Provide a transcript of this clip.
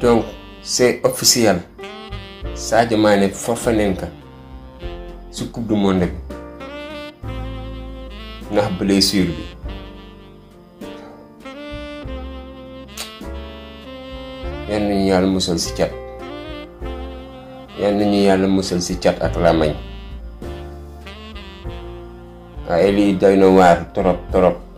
donc c'est officiel Sadio Mane forfait nañ ci coupe du monde bi ndax blessure bi yan nañu yàlla musal ci cat yan nañu yàlla musal ci cat ak làmmiñ waaye lii doy na waar trop torop